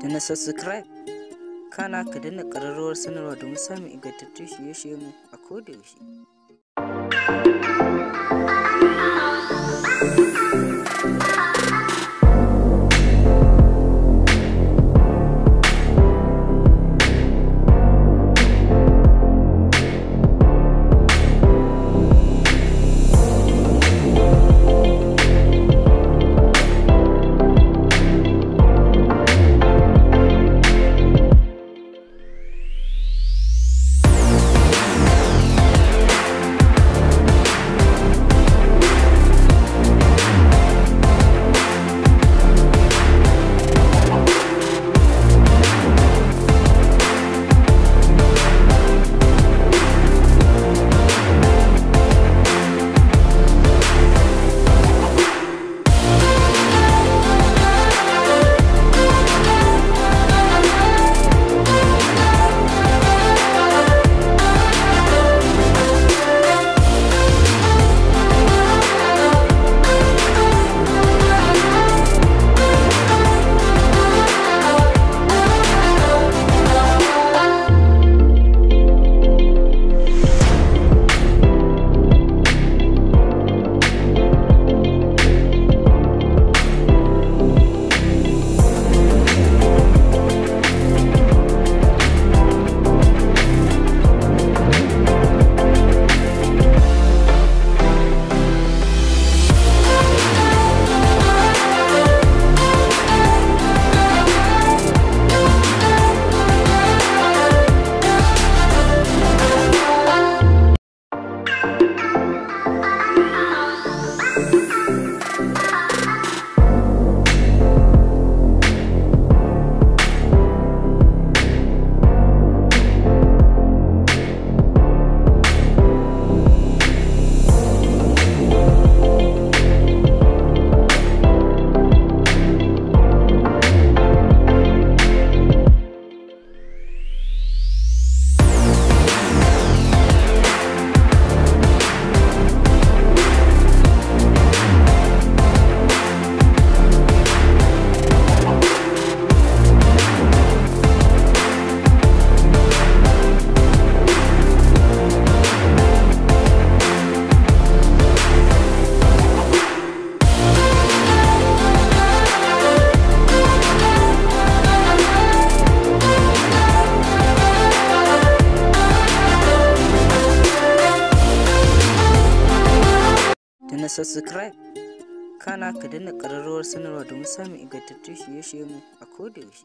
da na subscribe kana ka dana ƙararrawar sanarwa domin samun ingantattun shirye-shiryenmu a kodayaushe. subscribe kana ka danna ƙararrawar sanarwa domin samun ingantattun shirye-shiryenmu a kodayaushe